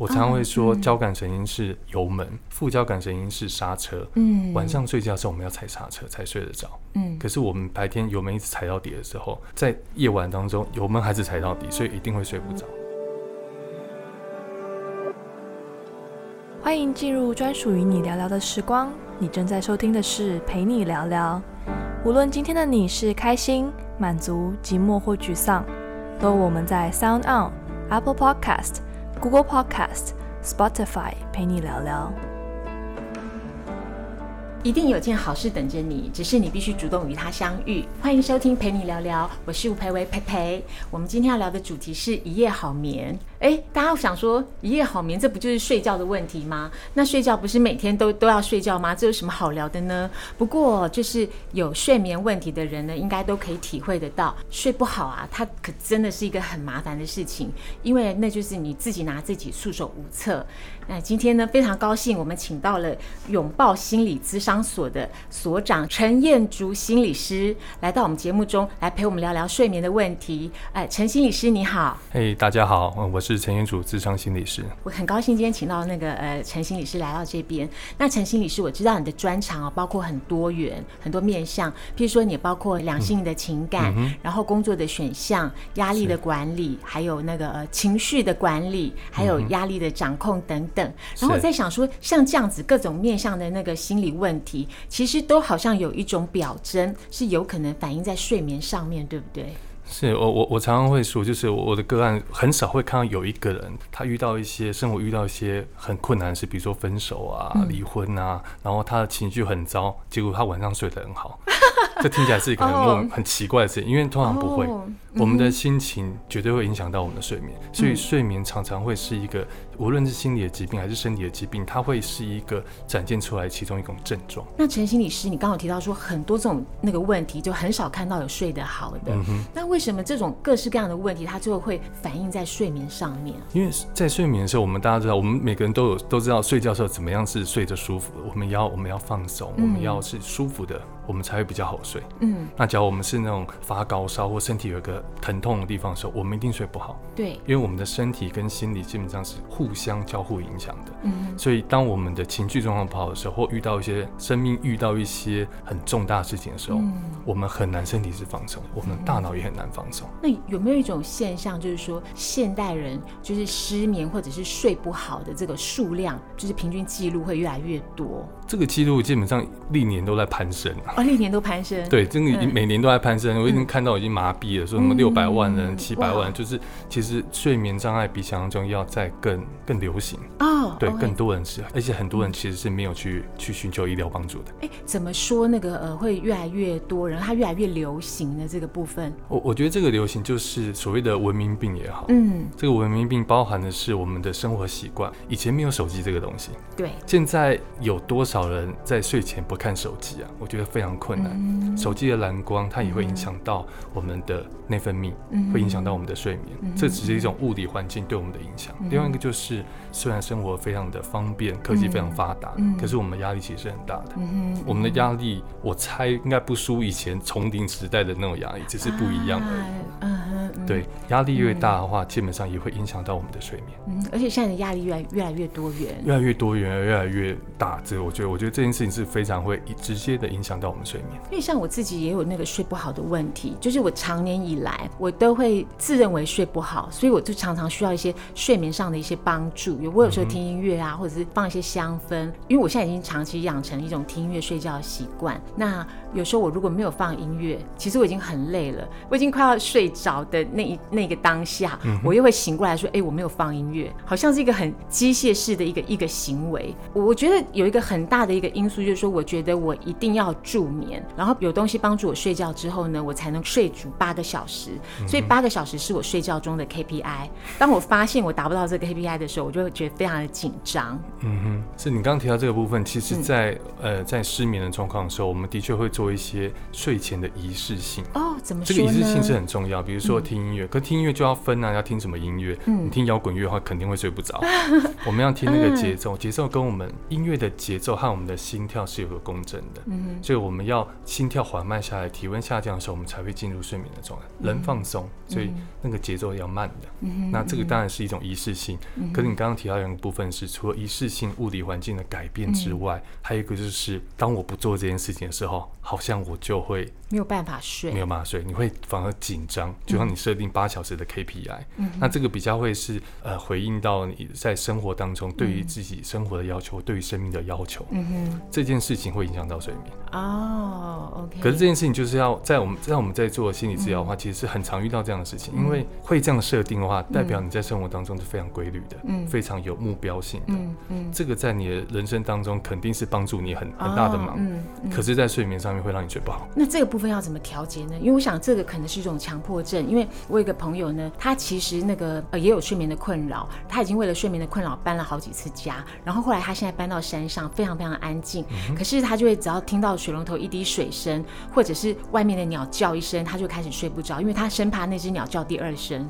我常會說，交感神經是油門，副交感神經是剎車。嗯，晚上睡覺的時候我們要踩剎車才睡得着。嗯，可是我們白天油門一直踩到底的時候，在夜晚當中油門還是踩到底，所以一定會睡不着。嗯。歡迎進入專屬於你聊聊的時光，你正在收聽的是蓓你聊聊。無論今天的你是開心、滿足、寂寞或沮喪，都我們在 Sound On Apple Podcast。Google Podcast、Spotify 蓓你聊聊，一定有件好事等着你，只是你必須主動與它相遇。歡迎收聽《蓓你聊聊》，我是吳蓓薇蓓蓓。我們今天要聊的主題是一夜好眠。哎，大家想說一夜好眠，這不就是睡覺的問題嗎？那睡覺不是每天都都要睡覺嗎？這有什麼好聊的呢？不過，就是有睡眠問題的人呢，應該都可以體會得到，睡不好啊，他可真的是一個很麻煩的事情，因為那就是你自己拿自己束手無策。那、呃、今天呢，非常高興我們請到了擁抱心理諮商所的所長陳彥竹心理師來到我們節目中來陪我們聊聊睡眠的問題。哎、呃，陳心理師你好。哎，大家好，嗯、我是，是陳彥竹，諮商心理師，我很高興今天請到那個呃陳心理師來到這邊。那陳心理師，我知道你的專長哦、喔，包括很多元很多面向，譬如說你包括兩性的情感、嗯嗯，然後工作的選項、壓力的管理，還有那個呃情緒的管理，嗯、還有壓力的掌控等等。然後我在想說，像這樣子各種面向的那個心理問題，其實都好像有一種表徵，是有可能反映在睡眠上面對不對？是，我我我常常會說，就是我的個案很少會看到有一個人，他遇到一些生活遇到一些很困難的事，比如說分手啊、離婚啊，然後他的情緒很糟，結果他晚上睡得很好。 這聽起來是一個很很奇怪的事情，oh, 因為通常不會。Oh, 我們的心情絕對會影響到我們的睡眠，mm -hmm. 所以睡眠常常會是一個，無論是心理的疾病還是身體的疾病，它會是一個展現出來其中一種症狀。那陳心理師，你剛好提到說，很多這種那個問題，就很少看到有睡得好的。Mm -hmm. 那為什麼這種各式各樣的問題，它就會反映在睡眠上面？因為在睡眠的時候，我們大家知道，我們每個人都有都知道，睡覺的時候怎麼樣是睡得舒服。我們要我們要放鬆，我們要是舒服的。Mm -hmm. 我們才會比較好睡。嗯，那假如我們是那種發高燒或身體有一個疼痛的地方的時候，我們一定睡不好。對，因為我們的身體跟心理基本上是互相交互影響的。嗯，所以當我們的情緒狀況不好的時候，或遇到一些生命遇到一些很重大事情的時候，嗯，我們很難身體是放鬆，我們的大腦也很難放鬆。嗯，那有沒有一種現象，就是說現代人就是失眠或者是睡不好的這個數量，就是平均記錄會越來越多？這個記錄基本上歷年都在攀升。啊、哦，歷年都攀升。對，真的已經每年都在攀升、嗯。我已經看到已經麻痹了，嗯、說什麼六百萬人、七、嗯、百萬，就是其實睡眠障礙比想像中要再更更流行哦。對，okay. 更多人是，而且很多人其實是沒有去去尋求醫療幫助的。哎、欸，怎麼說那個呃，會越來越多人，它越來越流行的這個部分？我我覺得這個流行就是所謂的文明病也好，嗯，這個文明病包含的是我們的生活習慣。以前沒有手機這個東西，對，現在有多少人在睡前不看手機啊？我覺得非常。非常困難。手機的藍光，它也會影響到我們的內分泌，嗯、會影響到我們的睡眠、嗯。這只是一種物理環境對我們的影響、嗯。另外一個就是，雖然生活非常的方便，科技非常發達，嗯嗯、可是我們的壓力其實是很大的、嗯。我們的壓力，嗯、我猜應該不輸以前叢林時代的那種壓力，只是不一樣而已。啊呃嗯、對，壓力越大的話、嗯，基本上也會影響到我們的睡眠。嗯、而且現在的壓力越來越來越多元，越來越多元，越來越大。這個、我覺得，我覺得這件事情是非常會直接的影響到。睡眠，因為像我自己也有那個睡不好的問題，就是我常年以來我都會自認為睡不好，所以我就常常需要一些睡眠上的一些幫助。因為我有時候聽音樂啊，或者是放一些香氛，因為我現在已經長期養成一種聽音樂睡覺的習慣。那有時候我如果沒有放音樂，其實我已經很累了，我已經快要睡着的那一那個當下，嗯，我又會醒過來說：“哎，欸，我沒有放音樂。”好像是一個很機械式的一個一個行為。我覺得有一個很大的一個因素就是說，我覺得我一定要助眠，然後有東西幫助我睡覺之後呢，我才能睡足八個小時。嗯，所以八個小時是我睡覺中的 KPI。當我發現我達不到這個 KPI 的時候，我就會覺得非常的緊張。嗯哼，是你剛剛提到這個部分，其實在，在，嗯，呃，在失眠的狀況的時候，我們的確會做。多一些睡前的儀式性哦，oh, 怎麼說呢？這個儀式性是很重要，比如說聽音樂、嗯，可聽音樂就要分啊，要聽什麼音樂？嗯，你聽搖滾樂的話，肯定會睡不着、嗯。我們要聽那個節奏，節、嗯、奏跟我們音樂的節奏和我們的心跳是有個共振的、嗯。所以我們要心跳緩慢下來，體溫下降的時候，我們才會進入睡眠的狀態、嗯，人放鬆。所以那個節奏要慢的、嗯。那這個當然是一種儀式性。嗯、可是你剛剛提到個部分是，嗯、除了儀式性物理環境的改變之外，嗯、還有一個就是，當我不做這件事情的時候。好像我就會沒有辦法睡，沒有辦法睡，你會反而緊張。就像你設定八小時的 KPI，嗯，那這個比較會是呃回應到你在生活當中對於自己生活的要求，對於生命的要求。嗯哼，這件事情會影響到睡眠哦。OK，可是這件事情就是要在我們在我們在做心理治療的話，其實是很常遇到這樣的事情，因為會這樣設定的話，代表你在生活當中是非常規律的，嗯，非常有目標性的。嗯嗯，這個在你的人生當中肯定是幫助你很很大的忙。嗯，可是，在睡眠上，會讓你覺得不好。那這個部分要怎麼調節呢？因為我想這個可能是一種強迫症。因為我有一個朋友呢，他其實那個、呃、也有睡眠的困擾，他已經為了睡眠的困擾搬了好幾次家。然後後來他現在搬到山上，非常非常安靜、嗯。可是他就會只要聽到水龍頭一滴水聲，或者是外面的鳥叫一聲，他就開始睡不着，因為他生怕那隻鳥叫第二聲。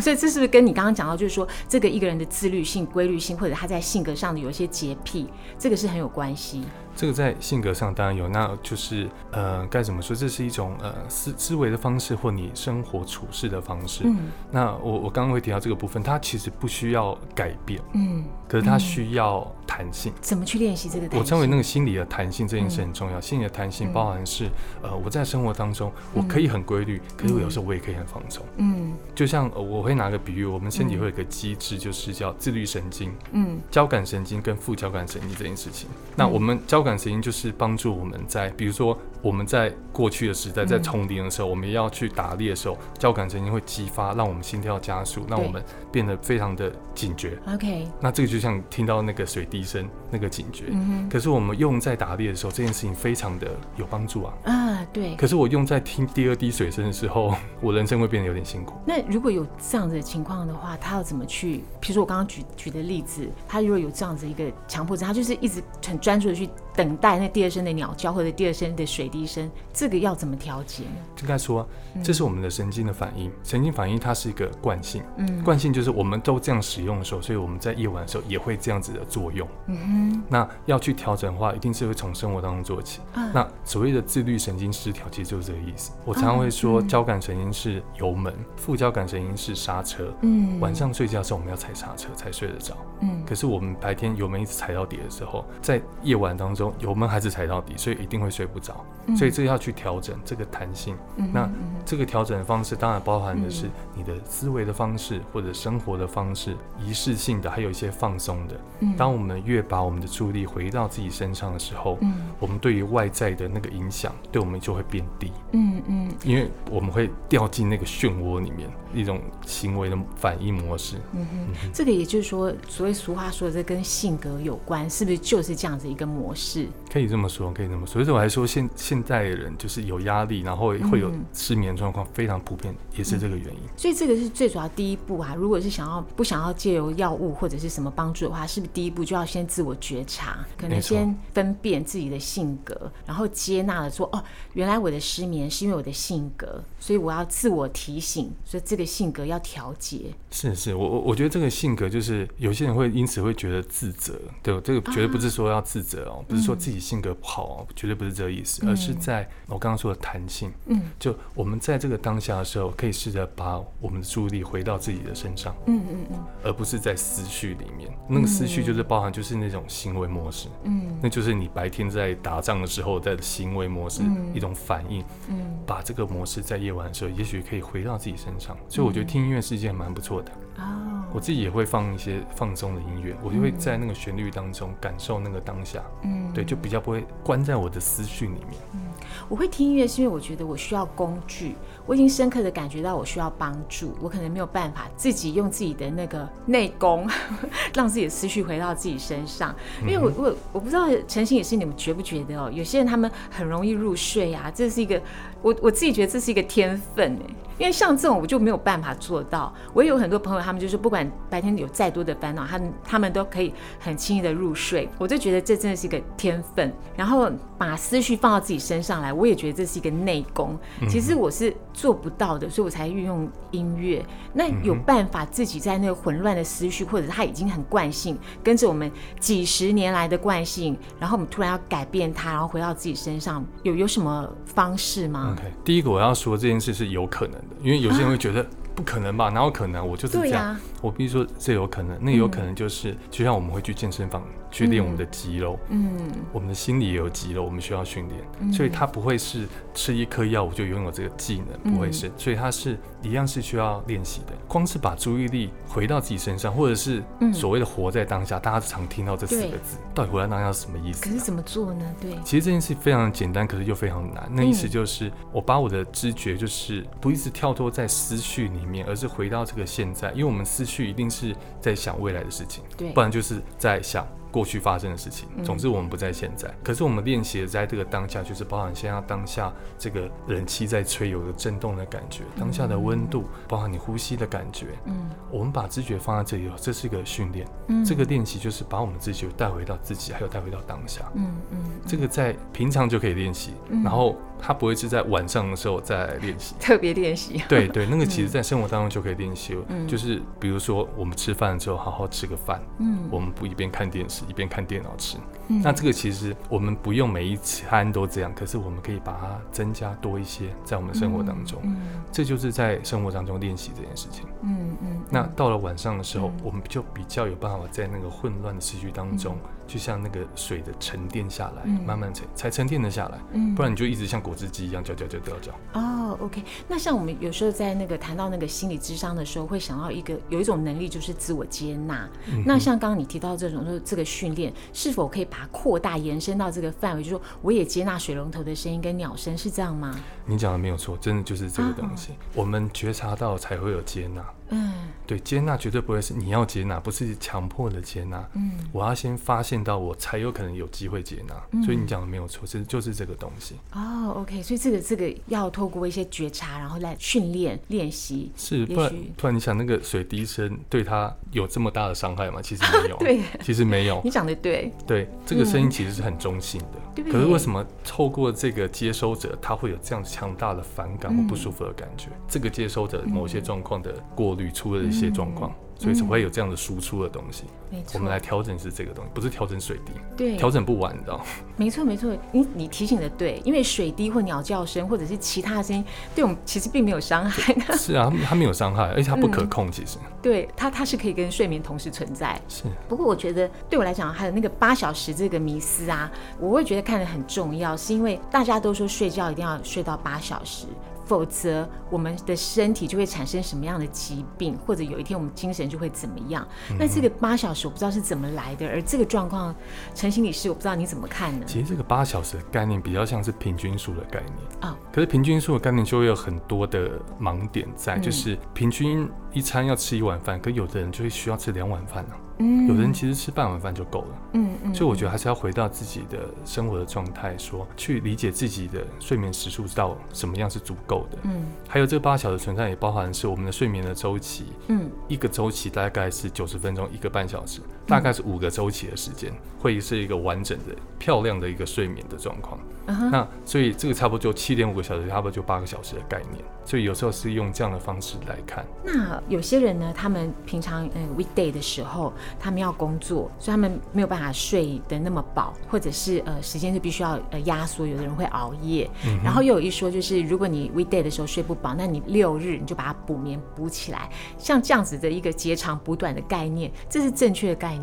所以這是不是跟你剛剛講到，就是說這個一個人的自律性、規律性，或者他在性格上的有一些潔癖，這個是很有關係。這個在性格上當然有，那就是呃該怎麼說？這是一種呃思思維的方式，或你生活處事的方式。嗯，那我我剛剛會提到這個部分，它其實不需要改變，嗯，可是它需要彈性、嗯。怎麼去練習這個點？我稱為那個心理的彈性，這件事很重要。嗯，心理的彈性包含是呃我在生活當中我可以很規律、嗯，可是有時候我也可以很放鬆、嗯。嗯，就像我會拿個比喻，我們身體會有一個機制，就是叫自律神經，嗯，交感神經跟副交感神經這件事情。嗯，那我們交。交感神經就是幫助我們在，比如說我們在過去的時代，在叢林的時候、嗯，我們要去打獵的時候，交感神經會激發，讓我們心跳加速，讓我們變得非常的警覺。OK，那這個就像聽到那個水滴聲。那個警覺，嗯，可是我們用在打獵的時候，這件事情非常的有幫助啊。啊，對。可是我用在聽第二滴水聲的時候，我人生會變得有點辛苦。那如果有這樣子的情況的話，他要怎麼去？比如說我剛剛舉舉的例子，他如果有這樣子一個強迫症，他就是一直很專注的去等待那第二聲的鳥叫或者第二聲的水滴聲，這個要怎麼調節呢？應該說啊，這是我們的神經的反應，嗯。神經反應它是一個慣性，嗯，慣性就是我們都這樣使用的時候，所以我們在夜晚的時候也會這樣子的作用，嗯嗯、那要去調整的話，一定是會從生活當中做起。啊、那所謂的自律神經失調，其實就是這個意思。我常常會說，啊嗯、交感神經是油門，副交感神經是剎車。嗯，晚上睡覺的時候我們要踩剎車才睡得着。嗯，可是我們白天油門一直踩到底的時候，在夜晚當中油門還是踩到底，所以一定會睡不着、嗯。所以這要去調整這個彈性。嗯、那這個調整的方式當然包含的是你的思維的方式或者生活的方式，儀、嗯、式性的，還有一些放鬆的、嗯。當我們越把我們的注意力回到自己身上的時候，嗯，我們對於外在的那個影響，對我們就會變低，嗯嗯，因為我們會掉進那個漩渦裡面，一種行為的反應模式。嗯哼，嗯哼，這個也就是說，所謂俗話說的這跟性格有關，是不是就是這樣子一個模式？可以這麼說，可以這麼說。所以我還說現，現現在的人就是有壓力，然後會有失眠狀況，非常普遍，也是這個原因，嗯。所以這個是最主要第一步啊。如果是想要不想要借由藥物或者是什麼幫助的話，是不是第一步就要先自我？覺察，可能先分辨自己的性格，然後接納了說哦，原來我的失眠是因為我的性格，所以我要自我提醒，所以這個性格要調節。是是，我我我覺得這個性格就是有些人會因此會覺得自責，對，這個絕對不是說要自責哦，啊，不是說自己性格不好哦，嗯，絕對不是這個意思，而是在我剛剛說的彈性，嗯，就我們在這個當下的時候，可以試着把我們的注意力回到自己的身上，嗯嗯嗯，而不是在思緒裡面，那個思緒就是包含就是那種。行為模式，嗯，那就是你白天在打仗的時候，在行為模式，嗯，一種反應，嗯，把這個模式在夜晚的時候，也許可以回到自己身上。嗯，所以我覺得聽音樂是一件蠻不錯的，哦，我自己也會放一些放鬆的音樂，嗯，我就會在那個旋律當中感受那個當下，嗯，對，就比較不會關在我的思緒裡面。嗯，我會聽音樂是因為我覺得我需要工具。我已經深刻的感覺到我需要幫助，我可能沒有辦法自己用自己的那個內功， 讓自己的思緒回到自己身上。因為我我我不知道，陳星也是你們覺不覺得哦？有些人他們很容易入睡啊，這是一個我我自己覺得這是一個天分欸，因為像這種我就沒有辦法做到。我也有很多朋友，他們就是不管白天有再多的煩惱，他們他們都可以很輕易的入睡。我就覺得這真的是一個天分。然後。把思緒放到自己身上來，我也覺得這是一個內功。嗯。其實我是做不到的，所以我才運用音樂。那有辦法自己在那個混亂的思緒，嗯，或者他已經很慣性，跟着我們幾十年來的慣性，然後我們突然要改變它，然後回到自己身上，有有什麼方式嗎？嗯、OK，第一個我要說這件事是有可能的，因為有些人會覺得，啊、不可能吧？哪有可能？我就這樣。我比如說這有可能，那個、有可能就是，就像我們會去健身房、嗯、去練我們的肌肉，嗯，我們的心理也有肌肉，我們需要訓練、嗯，所以它不會是吃一顆藥我就擁有這個技能、嗯，不會是，所以它是一樣是需要練習的。光是把注意力回到自己身上，或者是所謂的活在當下，大家常聽到這四個字，到底活在當下是什麼意思、啊？可是怎麼做呢？對，其實這件事非常簡單，可是又非常難。那意思就是、嗯、我把我的知覺就是不一直跳脫在思緒裡面，而是回到這個現在，因為我們思去一定是在想未來的事情，對，不然就是在想過去發生的事情。嗯、總之，我們不在現在，可是我們練習在這個當下，就是包含現在當下這個冷氣在吹，有個震動的感覺、嗯，當下的溫度，包含你呼吸的感覺、嗯。我們把知覺放在這裡，這是一個訓練。嗯、這個練習就是把我們自己帶回到自己，還有帶回到當下。嗯嗯，這個在平常就可以練習，嗯、然後。他不會是在晚上的時候再練習，特別練習。對對，那個其實在生活當中就可以練習、嗯，就是比如說我們吃飯的時候好好吃個飯，嗯，我們不一邊看電視一邊看電腦吃、嗯。那這個其實我們不用每一餐都這樣，可是我們可以把它增加多一些在我們生活當中，嗯嗯、這就是在生活當中練習這件事情。嗯嗯。那到了晚上的時候、嗯，我們就比較有辦法在那個混亂的思緒當中，就像那個水的沉澱下來、嗯，慢慢沉才沉澱的下來、嗯，不然你就一直像果汁機一樣攪攪攪攪攪。哦、oh,，OK。那像我們有時候在那個談到那個心理諮商的時候，會想到一個有一種能力就是自我接納、嗯。那像剛剛你提到這種，就是這個訓練是否可以把它擴大延伸到這個範圍？就說、是、我也接納水龍頭的聲音跟鳥聲，是這樣嗎？你講的沒有錯，真的就是這個東西，啊、我們覺察到才會有接納。嗯，對接納絕對不會是你要接納，不是強迫的接納。嗯，我要先發現到我才有可能有機會接納、嗯。所以你講的沒有錯，其實就是這個東西。哦，OK，所以這個這個要透過一些覺察，然後來訓練練習。是，突然突然你想那個水滴聲對他有這麼大的傷害嗎？其實沒有， 對，其實沒有。你講的對，對，這個聲音其實是很中性的。對、嗯，可是為什麼透過這個接收者，他會有這樣強大的反感或不舒服的感覺？嗯、這個接收者某些狀況的過。濾、嗯、出的一些狀況，所以才會有這樣的輸出的東西。嗯、沒錯，我們來調整是這個東西，不是調整水滴。對，調整不完的。沒錯沒錯，你你提醒的對，因為水滴或鳥叫聲或者是其他的聲音，對我們其實並沒有傷害。是啊，它沒有傷害，而且它不可控。嗯、其實，對它它是可以跟睡眠同時存在。是。不過我覺得對我來講，還有那個八小時這個迷思啊，我會覺得看得很重要，是因為大家都說睡覺一定要睡到八小時。否則，我們的身體就會產生什麼樣的疾病，或者有一天我們精神就會怎麼樣？嗯、那這個八小時我不知道是怎麼來的，而這個狀況，陳心理師我不知道你怎麼看呢？其實這個八小時的概念比較像是平均數的概念啊，oh. 可是平均數的概念就會有很多的盲點在，嗯、就是平均一餐要吃一碗飯，可有的人就會需要吃兩碗飯呢、啊。嗯，有的人其實吃半碗飯就夠了。嗯，所以我覺得還是要回到自己的生活的狀態，說、嗯嗯、去理解自己的睡眠時數到什麼樣是足夠的。嗯，還有這個八小時存在也包含是我們的睡眠的週期。嗯，一個週期大概是九十分鐘，一個半小時。大概是五個週期的時間，會是一個完整的、漂亮的一個睡眠的狀況。Uh-huh. 那所以這個差不多就七點五個小時，差不多就八個小時的概念。所以有時候是用這樣的方式來看。那有些人呢，他們平常呃、嗯、weekday 的時候，他們要工作，所以他們沒有辦法睡得那麼飽，或者是呃時間是必須要呃壓縮。有的人會熬夜，uh-huh. 然後又有一說就是，如果你 weekday 的時候睡不飽，那你六日你就把它補眠補起來，像這樣子的一個截長補短的概念，這是正確的概念？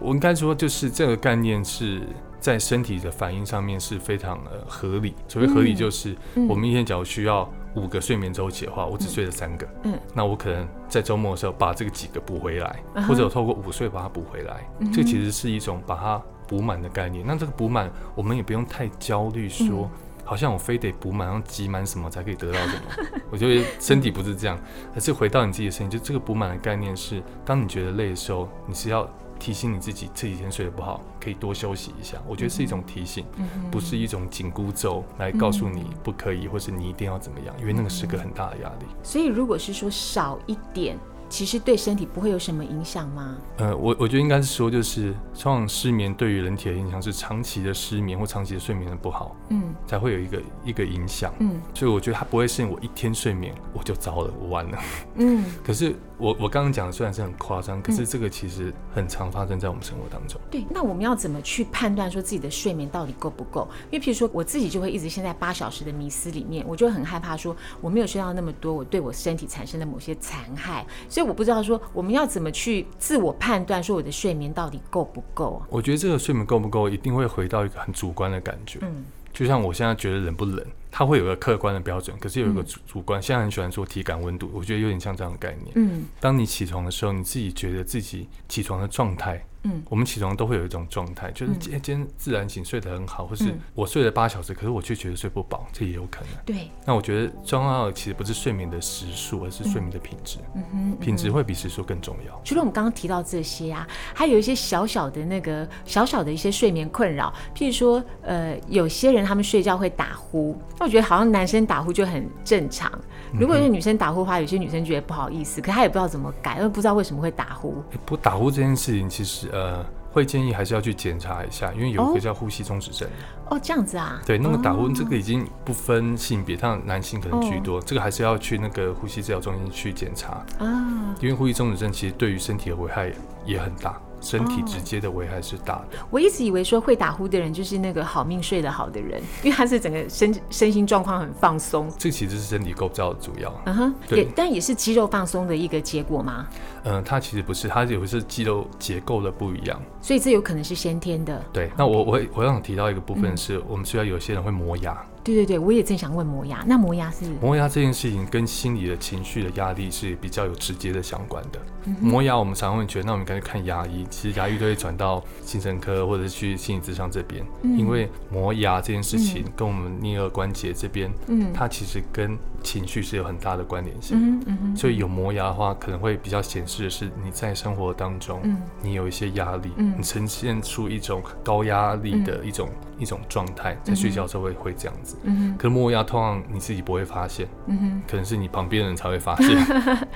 我應該說就是這個概念是在身體的反應上面是非常的合理。所謂合理，就是我們一天假如需要五個睡眠周期的話，我只睡了三個，嗯，那我可能在周末的時候把這個幾個補回來，或者我透過午睡把它補回來。這個、其實是一種把它補滿的概念。那這個補滿，我們也不用太焦慮，說好像我非得補滿，然後積滿什麼才可以得到什麼。 我覺得身體不是這樣，而是回到你自己的身體，就這個補滿的概念是，當你覺得累的時候，你是要。提醒你自己，這幾天睡得不好，可以多休息一下。嗯、我覺得是一種提醒，嗯、不是一種緊箍咒來告訴你不可以、嗯，或是你一定要怎麼樣，嗯、因為那個是個很大的壓力。所以，如果是說少一點，其實對身體不會有什麼影響嗎？呃，我我覺得應該是說，就是通常失眠對於人體的影響是長期的失眠或長期的睡眠的不好，嗯，才會有一個一個影響。嗯，所以我覺得它不會是我一天睡眠我就糟了，我完了。嗯，可是。我我剛剛講的雖然是很誇張，可是這個其實很常發生在我們生活當中。對，那我們要怎麼去判斷說自己的睡眠到底夠不夠？因為譬如說我自己就會一直陷在八小時的迷思裡面，我就很害怕說我沒有睡到那麼多，我對我身體產生的某些殘害。所以我不知道說我們要怎麼去自我判斷說我的睡眠到底夠不夠？我覺得這個睡眠夠不夠一定會回到一個很主觀的感覺。嗯，就像我現在覺得冷不冷？它會有一個客觀的標準，可是有一個主主觀。現、嗯、在很喜歡說體感溫度，我覺得有點像這樣的概念。嗯，當你起床的時候，你自己覺得自己起床的狀態，嗯，我們起床都會有一種狀態、嗯，就是今天今天自然醒，睡得很好、嗯，或是我睡了八小時，可是我卻覺得睡不飽，這也有可能。對，那我覺得重要的其實不是睡眠的時數，而是睡眠的品質、嗯。品質會比時數更重要。除、嗯、了、嗯嗯嗯、我們剛剛提到這些啊，還有一些小小的那個小小的一些睡眠困擾，譬如說，呃，有些人他們睡覺會打呼。我覺得好像男生打呼就很正常，如果是女生打呼的話，嗯嗯，有些女生覺得不好意思，可她也不知道怎麼改，因為不知道為什麼會打呼。不打呼這件事情，其實呃，會建議還是要去檢查一下，因為有一個叫呼吸中止症。哦，哦，這樣子啊？對，那麼打呼、哦、這個已經不分性別，但男性可能居多、哦，這個還是要去那個呼吸治療中心去檢查啊、哦，因為呼吸中止症其實對於身體的危害也很大。身體直接的危害是大的。Oh, 我一直以為說會打呼的人就是那個好命睡得好的人，因為他是整個身身心狀況很放鬆。這其實是身體構造的主要。嗯、uh、哼, Uh-huh，也但也是肌肉放鬆的一個結果嗎？嗯、呃，他其實不是，他有的是肌肉結構的不一樣，所以這有可能是先天的。對，那我我、Okay. 我想提到一個部分是，嗯、我們需要有些人會磨牙。對對對，我也正想問磨牙，那磨牙是什麼？磨牙這件事情跟心理的情緒的壓力是比較有直接的相關的。嗯、磨牙我們常，常會覺得，那我們應該去看牙醫，其實牙醫都會轉到精神科或者是去心理諮商這邊，嗯，因為磨牙這件事情跟我們顳顎關節這邊，嗯、它其實跟情緒是有很大的關聯性、嗯嗯，所以有磨牙的話，可能會比較顯示的是你在生活當中，嗯、你有一些壓力、嗯，你呈現出一種高壓力的一種、嗯、一種狀態，在睡覺的時候會、嗯、會這樣子。嗯、可是磨牙通常你自己不會發現，嗯、可能是你旁邊人才會發現，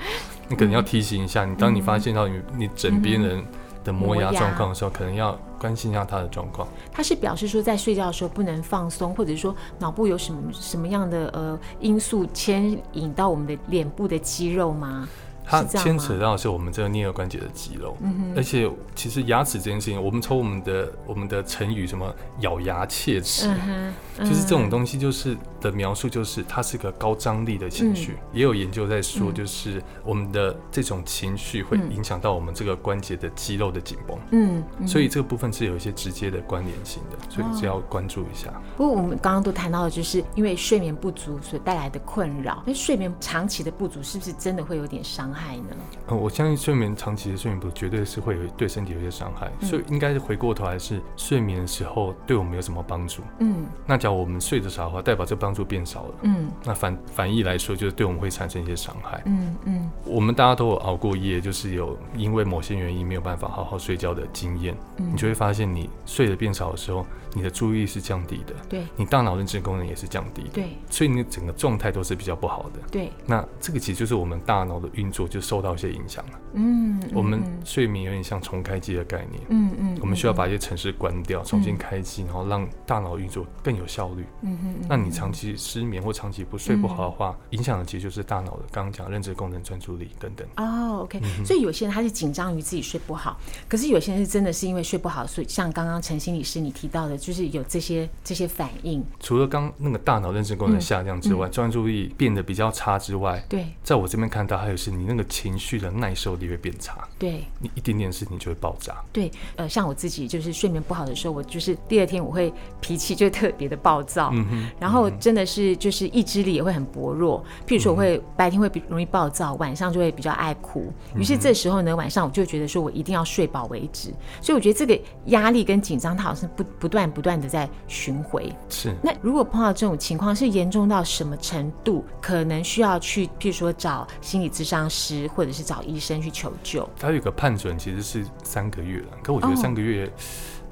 你可能要提醒一下你。當你發現到你、嗯、你枕邊人的磨牙狀況的時候，可能要。關心一下他的狀況。他是表示說，在睡覺的時候不能放鬆，或者說腦部有什麼什麼樣的呃因素牽引到我們的臉部的肌肉嗎？它牽扯到的是我們這個顳頜關節的肌肉、嗯，而且其實牙齒這件事情，我們從我們的我們的成語什麼咬牙切齒、嗯嗯，就是這種東西，就是的描述，就是它是一個高張力的情緒、嗯。也有研究在說，就是我們的這種情緒會影響到我們這個關節的肌肉的緊繃。嗯，所以這個部分是有一些直接的關聯性的，所以是要關注一下。哦、不過我們剛剛都談到的就是因為睡眠不足所帶來的困擾，那睡眠長期的不足是不是真的會有點傷？害、呃、呢？我相信睡眠長期的睡眠不足絕對是會有對身體有些傷害、嗯，所以應該是回過頭來是睡眠的時候對我們有什麼幫助？嗯，那假如我們睡得少的話，代表這幫助變少了。嗯，那反反義來說就是對我們會產生一些傷害。嗯嗯，我們大家都有熬過夜，就是有因為某些原因沒有辦法好好睡覺的經驗、嗯，你就會發現你睡得變少的時候。你的注意力是降低的，對，你大腦認知功能也是降低的，對，所以你整個狀態都是比較不好的，對。那這個其實就是我們大腦的運作就受到一些影響了，嗯。我們睡眠有點像重開機的概念，嗯嗯。我們需要把一些程式關掉，嗯、重新開機、嗯，然後讓大腦運作更有效率，嗯哼。那你長期失眠或長期不睡不好的話，嗯、影響的其實就是大腦的，剛剛講認知功能、專注力等等。哦，OK、嗯。所以有些人他是緊張於自己睡不好，可是有些人是真的是因為睡不好，所以像剛剛陳心理師你提到的。就是有這些這些反應，除了剛那個大腦認知功能下降之外，專、嗯嗯、注力變得比較差之外，對，在我這邊看到還有是你那個情緒的耐受力會變差，對，你一點點事情就會爆炸。對，呃，像我自己就是睡眠不好的時候，我就是第二天我會脾氣就特別的暴躁、嗯哼，然後真的是就是意志力也會很薄弱。嗯、譬如說，我會白天會容易暴躁，嗯、晚上就會比較愛哭。於、嗯、是這時候呢，晚上我就覺得說我一定要睡飽為止、嗯。所以我覺得這個壓力跟緊張，它好像不不斷。不斷的在巡迴，是那如果碰到這種情況，是嚴重到什麼程度，可能需要去，譬如說找心理諮商師，或者是找醫生去求救。他有個判準其實是三個月了，可我覺得三個月，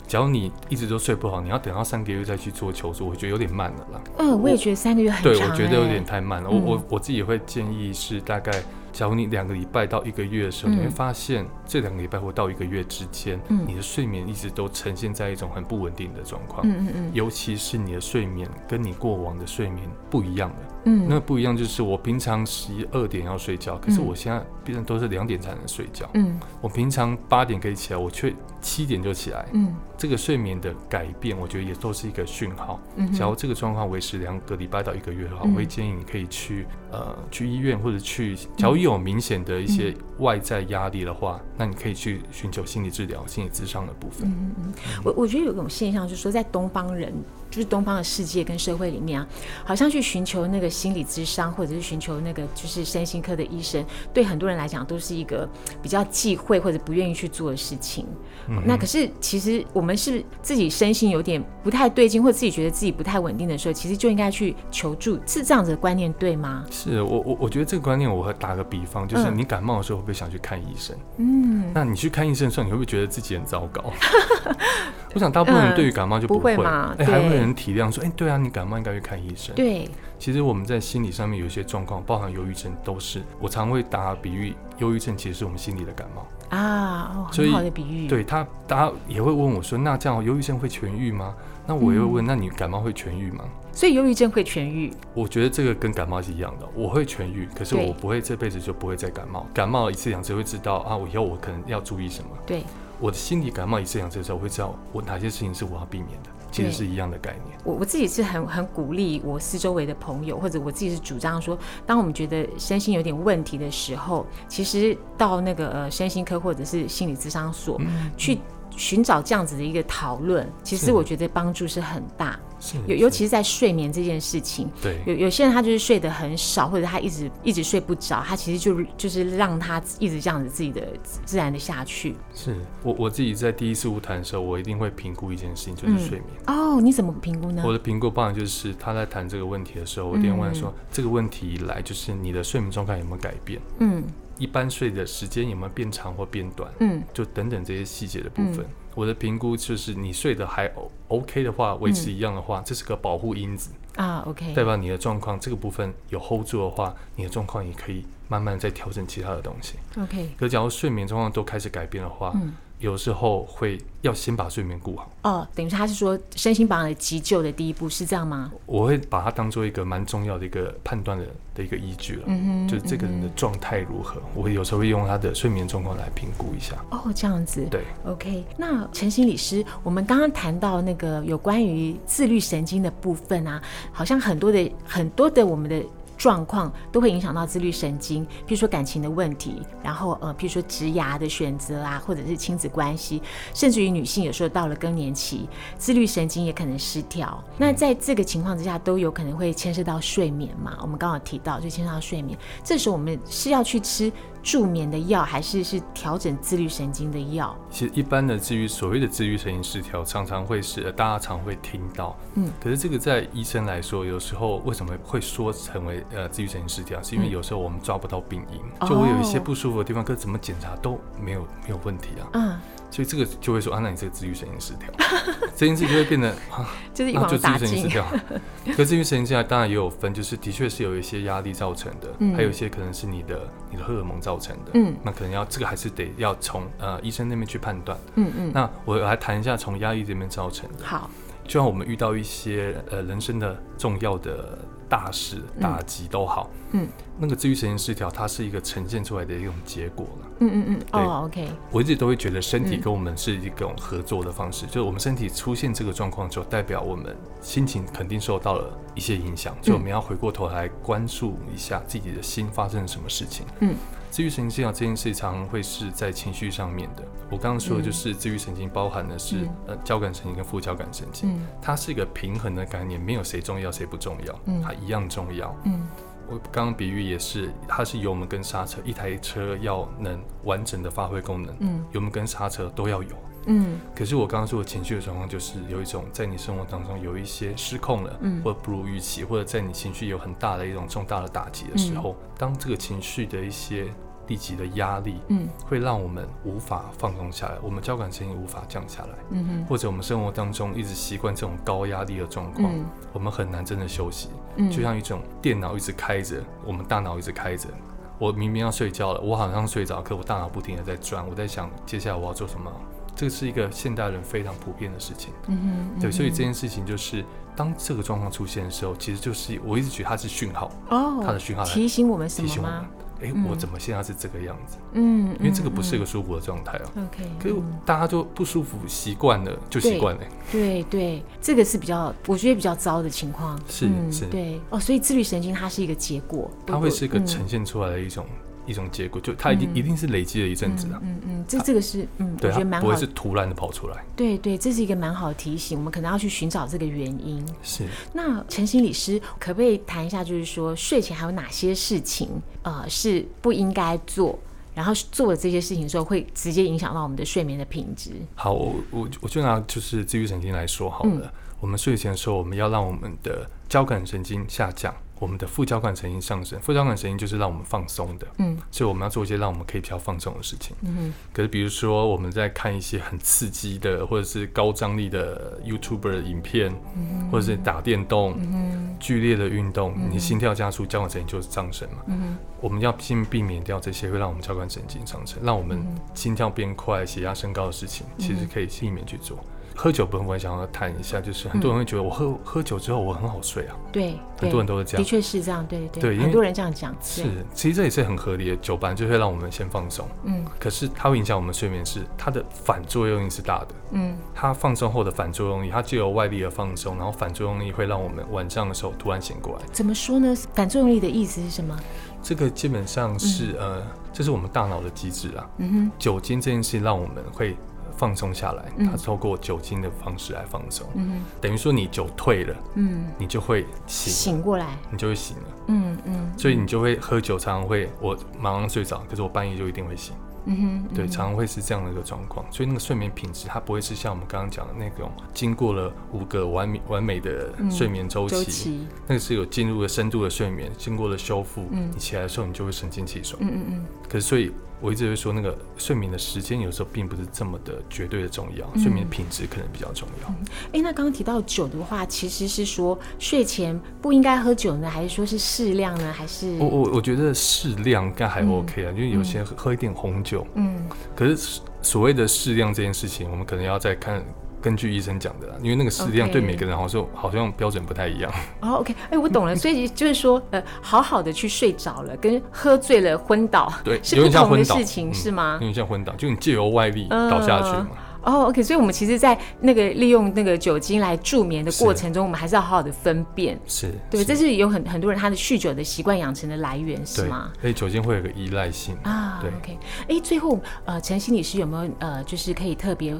只、哦、要你一直都睡不好，你要等到三個月再去做求助，我覺得有點慢了啦。嗯，我也覺得三個月很長、欸、我對我覺得有點太慢了。嗯、我我我自己會建議是大概。假如你兩個禮拜到一個月的時候、嗯，你會發現這兩個禮拜或到一個月之間、嗯，你的睡眠一直都呈現在一種很不穩定的狀況。嗯嗯、尤其是你的睡眠跟你過往的睡眠不一樣的，嗯、那不一樣就是我平常十二點要睡覺、嗯，可是我現在變成都是兩點才能睡覺。嗯、我平常八點可以起來，我卻七點就起來、嗯。這個睡眠的改變，我覺得也都是一個訊號。嗯、假如這個狀況維持兩個禮拜到一個月的話、嗯，我會建議你可以去。呃，去醫院或者去，只要有明顯的一些外在壓力的話，嗯，那你可以去尋求心理治療、心理諮商的部分。嗯嗯，我我覺得有一種現象，就是說在東方人。就是東方的世界跟社會裡面啊，好像去尋求那個心理諮商，或者是尋求那個就是身心科的醫生，對很多人來講都是一個比較忌諱或者不願意去做的事情。嗯。那可是其實我們是自己身心有點不太對勁，或者自己覺得自己不太穩定的時候，其實就應該去求助，是這樣子的觀念對嗎？是我我我覺得這個觀念，我打個比方，就是你感冒的時候會不會想去看醫生？嗯，那你去看醫生的時候，你會不會覺得自己很糟糕？ 我想，大部分人對於感冒就不會嘛，哎、嗯欸，還會有人體諒，說，哎、欸，對啊，你感冒應該去看醫生。對，其實我們在心理上面有一些狀況，包含憂鬱症，都是我常會打比喻，憂鬱症其實是我們心理的感冒啊。所以、哦，很好的比喻。對他，大家也會問我說，那這樣憂鬱症會痊癒嗎？那我又問、嗯，那你感冒會痊癒嗎？所以憂鬱症會痊癒。我覺得這個跟感冒是一樣的，我會痊癒，可是我不會這輩子就不會再感冒，感冒一次兩次會知道啊，我以後我可能要注意什麼。對。我的心理感冒一次兩次的這時候，我會知道我哪些事情是我要避免的，其實是一樣的概念。我我自己是很很鼓勵我四周圍的朋友，或者我自己是主張說，當我們覺得身心有點問題的時候，其實到那個呃身心科或者是心理諮商所、嗯、去尋找這樣子的一個討論，其實我覺得幫助是很大。尤尤其是在睡眠這件事情，對，有有些人他就是睡得很少，或者他一直一直睡不着，他其實就就是讓他一直這樣子自己的自然的下去。是我我自己在第一次會談的時候，我一定會評估一件事情，就是睡眠。哦、嗯，oh, 你怎麼評估呢？我的評估方法就是他在談這個問題的時候，我一定問說嗯嗯這個問題以來就是你的睡眠狀態有沒有改變？嗯，一般睡的時間有沒有變長或變短？嗯，就等等這些細節的部分。嗯我的評估就是，你睡得還 OK 的話，維持一樣的話，嗯，這是個保護因子啊。OK，代表你的狀況這個部分有 hold 住的話，你的狀況也可以慢慢再調整其他的東西。OK，可假如睡眠狀況都開始改變的話，嗯。有時候會要先把睡眠顧好哦，等於他是說身心保養的急救的第一步是這樣嗎？我會把它當做一個蠻重要的一個判斷的的一個依據了，嗯，就是這個人的狀態如何，我有時候會用他的睡眠狀況來評估一下。哦，這樣子。對，OK。那陳心理師，我們剛剛談到那個有關於自律神經的部分啊，好像很多的很多的我們的。狀況都會影響到自律神經，譬如說感情的問題，然後呃，譬如說職涯的選擇啊，或者是親子關係，甚至於女性有時候到了更年期，自律神經也可能失調。那在這個情況之下，都有可能會牽涉到睡眠嘛？我們剛好提到就牽涉到睡眠，這時候我們是要去吃。助眠的藥還是是調整自律神經的藥？其實一般的自律，所謂的自律神經失調，常常會是大家常會聽到。嗯，可是這個在醫生來說，有時候為什麼會說成為呃自律神經失調，是因為有時候我們抓不到病因。嗯、就我有一些不舒服的地方，哦、可怎麼檢查都沒有沒有問題啊。嗯。所以這個就會說啊，那你這個自律神經失調，這件事就會變得啊，就是一網打盡，自律神經失調， 可自律神經失調當然也有分，就是的確是有一些壓力造成的、嗯，還有一些可能是你的你的荷爾蒙造成的。嗯，那可能要這個還是得要從呃醫生那邊去判斷。嗯嗯，那我來談一下從壓力這邊造成的。好。就像我們遇到一些呃人生的重要的大事，打擊都好嗯，嗯，那個自律神經失調，它是一個呈現出來的一種結果，嗯嗯嗯，對，哦，OK，我一直都會覺得身體跟我們是一種合作的方式，嗯，就是我們身體出現這個狀況就代表我們心情肯定受到了一些影響，所以我們要回過頭來關注一下自己的心發生了什麼事情。嗯。嗯。自律神經啊，這件事，常常會是在情緒上面的。我剛剛說的就是，自律神經包含的是呃交感神經跟副交感神經，它是一個平衡的概念，沒有誰重要誰不重要，它一樣重要。嗯，我剛剛比喻也是，它是油門跟剎車，一台車要能完整的發揮功能，嗯，油門跟剎車都要有。嗯，可是我剛剛說的情緒的狀況，就是有一種在你生活當中有一些失控了，或者不如預期，或者在你情緒有很大的一種重大的打擊的時候，當這個情緒的一些。地級的壓力，嗯，會讓我們無法放鬆下來，嗯，我們交感神經無法降下來，嗯哼，或者我們生活當中一直習慣這種高壓力的狀況，嗯，我們很難真的休息。嗯、就像一種電腦一直開着，我們大腦一直開着。我明明要睡覺了，我好像睡着，可我大腦不停地在轉，我在想接下來我要做什麼。這個是一個現代人非常普遍的事情嗯。嗯哼，對，所以這件事情就是，當這個狀況出現的時候，其實就是我一直覺得它是訊號，哦，它的訊號來提醒我們什麼，提醒我們。哎、欸，我怎麼現在是這個樣子？嗯，因為這個不是一個舒服的狀態哦。OK，、嗯嗯、可是大家都不舒服，習慣了就習慣了。對對,對，這個是比較，我覺得比較糟的情況。是、嗯、是，對哦，所以自律神經它是一個結果，它會是一個呈現出來的一種。嗯一種結果，就它已經、嗯、一定是累積了一陣子了、啊。嗯嗯，嗯，這這個是、啊，嗯，我覺得蠻好。不會是突然的跑出來。嗯、對對，這是一個蠻好的提醒，我們可能要去尋找這個原因。是。那陳心理師可不可以談一下，就是說睡前還有哪些事情，呃，是不應該做？然後做了這些事情之後，會直接影響到我們的睡眠的品質。好，我我我就拿就是自主神經來說好了、嗯。我們睡前的時候，我們要讓我們的交感神經下降。我們的副交感神經上升，副交感神經就是讓我們放鬆的，嗯，所以我們要做一些讓我們可以比較放鬆的事情。嗯，可是比如說我們在看一些很刺激的或者是高張力的 YouTuber 的影片，嗯，或者是打電動，嗯，劇烈的運動，嗯，你心跳加速，交感神經就是上升嘛。嗯，我們要先避免掉這些會讓我們交感神經上升，讓我們心跳變快，嗯，血壓升高的事情，其實可以避免去做。喝酒不？我想要談一下，就是很多人會覺得我喝、嗯、喝酒之後我很好睡啊。對，很多人都會講，的確是這樣，對對，對，對很多人這樣講是。其實這也是很合理的，酒吧就會讓我們先放鬆，嗯，可是它會影響我們睡眠，是它的反作用力是大的，嗯，它放鬆後的反作用力，它就由外力而放鬆，然後反作用力會讓我們晚上的時候突然醒過來。怎麼說呢？反作用力的意思是什麼？這個基本上是、嗯、呃，這、就是我們大腦的機制啊。嗯哼，酒精這件事讓我們會。放鬆下來，它透過酒精的方式來放鬆、嗯，等於說你酒退了，嗯，你就會醒醒過來，你就會醒了，嗯嗯，所以你就會喝酒，常常會我馬上睡着，可是我半夜就一定會醒，嗯哼，嗯哼對，常常會是這樣的一個狀況，所以那個睡眠品質它不會是像我們剛剛講的那種經過了五個完美完美的睡眠週期、嗯、週期，那個是有進入了深度的睡眠，經過了修復，你起來的時候你就會神清氣爽，嗯嗯嗯，可是所以。我一直會說，那個睡眠的時間有時候並不是這麼的絕對的重要，嗯、睡眠的品質可能比較重要。哎、嗯欸，那剛剛提到酒的話，其實是說睡前不應該喝酒呢，還是說是適量呢？還是我我我覺得適量應該還 OK 啊、嗯，因為有些人喝、嗯、喝一點紅酒，嗯，可是所謂的適量這件事情，我們可能要再看。根據醫生講的啦，因為那個實際上對每個人好像、okay. 好像標準不太一樣。哦、oh,，OK，哎、欸，我懂了。所以就是說，呃，好好的去睡着了， 跟喝醉了昏倒，對，是不同的事情，是嗎？嗯、有為像昏倒有點像昏倒，就你借由外力、呃、倒下去嘛。哦、oh,，OK，所以我們其實，在那個利用那個酒精來助眠的過程中，我們還是要好好的分辨。是對是，這是有很很多人他的酗酒的習慣養成的來源，是嗎？哎，酒精會有個依賴性啊。Oh, okay. 對，OK，哎、欸，最後呃，陳心理師有沒有呃，就是可以特別。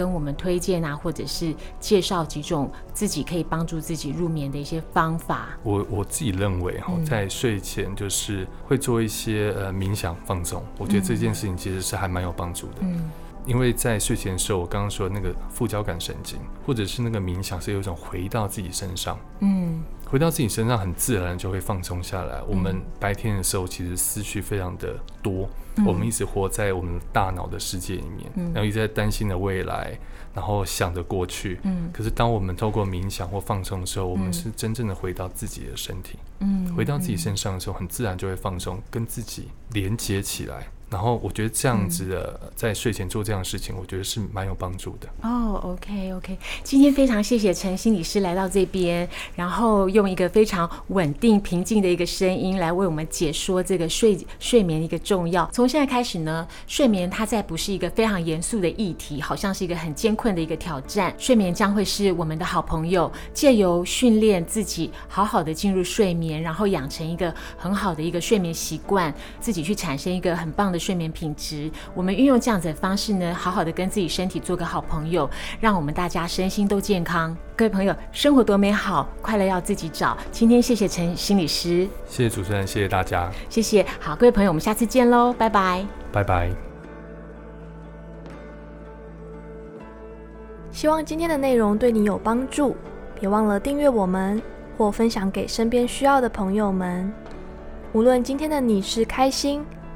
跟我們推薦啊，或者是介紹幾種自己可以幫助自己入眠的一些方法。我我自己認為哈，嗯，在睡前就是會做一些呃冥想、放鬆，我覺得這件事情其實是還蠻有幫助的。嗯，因為在睡前的時候，我剛剛說的那個副交感神經，或者是那個冥想，是有一種回到自己身上，嗯，回到自己身上很自然就會放鬆下來。我們白天的時候其實思緒非常的多。我們一直活在我們大腦的世界裡面，嗯、然後一直在擔心的未來，然後想着過去、嗯。可是當我們透過冥想或放鬆的時候、嗯，我們是真正的回到自己的身體，嗯、回到自己身上的時候，嗯、很自然就會放鬆、嗯，跟自己連接起來。然後我覺得這樣子的、嗯，在睡前做這樣的事情，我覺得是蠻有幫助的。哦、oh，OK，OK，okay, okay. 今天非常謝謝陳心理師來到這邊，然後用一個非常穩定、平靜的一個聲音來為我們解說這個睡睡眠的一個重要。從現在開始呢，睡眠它再不是一個非常嚴肅的議題，好像是一個很艱困的一個挑戰。睡眠將會是我們的好朋友，借由訓練自己好好的進入睡眠，然後養成一個很好的一個睡眠習慣，自己去產生一個很棒的。睡眠品質，我們運用這樣子的方式呢，好好的跟自己身體做個好朋友，讓我們大家身心都健康。各位朋友，生活多美好，快樂要自己找。今天謝謝陳心理師，謝謝主持人，謝謝大家，謝謝。好，各位朋友，我們下次見嘍，拜拜，拜拜。希望今天的內容對你有幫助，別忘了訂閱我們或分享給身邊需要的朋友們。無論今天的你是開心。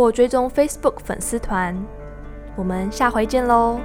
或追蹤 Facebook 粉絲團，我們下回見嘍！